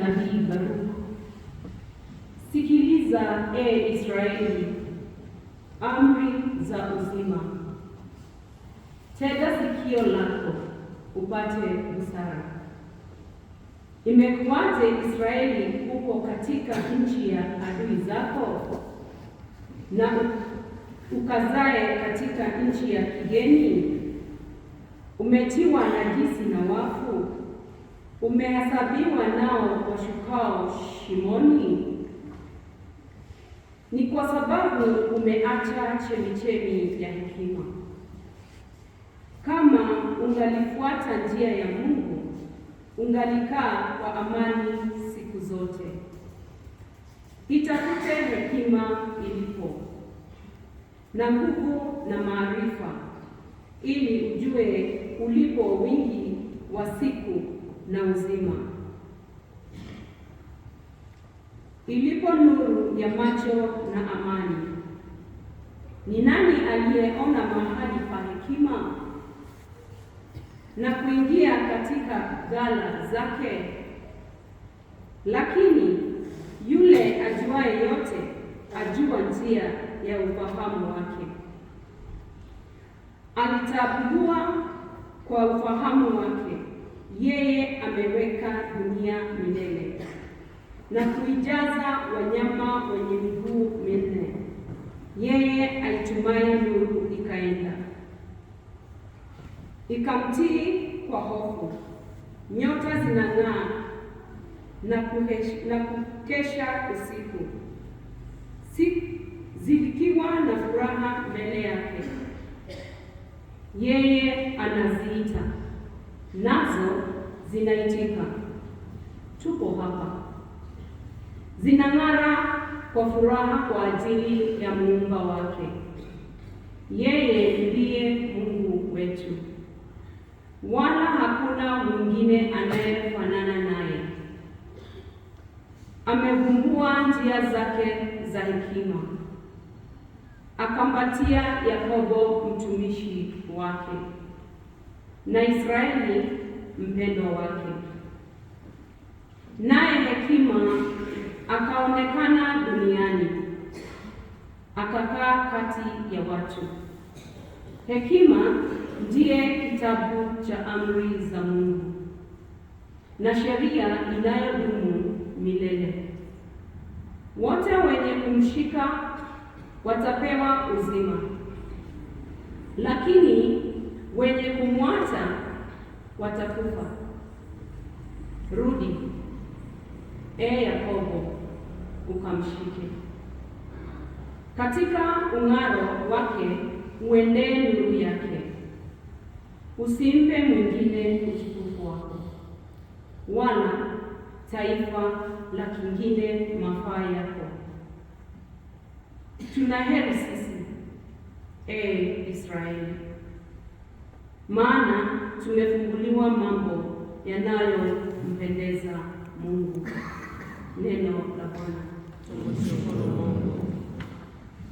na hii Baruku. Sikiliza e Israeli, amri za uzima, tega sikio lako upate busara. Imekuwaje Israeli, uko katika nchi ya adui zako na ukazae katika nchi ya kigeni? Umetiwa najisi na umehesabiwa nao washukao shimoni? Ni kwa sababu umeacha chemichemi ya hekima. Kama ungalifuata njia ya Mungu, ungalikaa kwa amani siku zote. Itafute hekima ilipo na nguvu na maarifa, ili ujue ulipo wingi wa siku na uzima. Ilipo nuru ya macho na amani. Ni nani aliyeona mahali pa hekima na kuingia katika ghala zake? Lakini yule ajuaye yote ajua njia ya ufahamu wake. Alitambua kwa ufahamu wake na kuijaza wanyama wenye miguu minne. Yeye aitumai nuru ikaenda, ikamtii kwa hofu, nyota zinang'aa na, na kukesha usiku, si zilikiwa na furaha mbele yake. Yeye anaziita nazo zinaitika, tupo hapa zinang'ara kwa furaha kwa ajili ya muumba wake. Yeye ndiye Mungu wetu, wala hakuna mwingine anayefanana naye. Amevumbua njia zake za hekima, akampatia Yakobo mtumishi wake na Israeli mpendwa wake, naye hekima akaonekana duniani, akakaa kati ya watu. Hekima ndiye kitabu cha amri za Mungu na sheria inayodumu milele. Wote wenye kumshika watapewa uzima, lakini wenye kumwata watakufa. Rudi, e Yakobo, ukamshike. Katika ung'aro wake uendee nuru yake, usimpe mwingine utukufu wako, wala taifa la kingine mafaa yako. Tuna heri sisi, ee Israeli, maana tumefunguliwa mambo yanayompendeza Mungu. Neno la Bwana. 원수도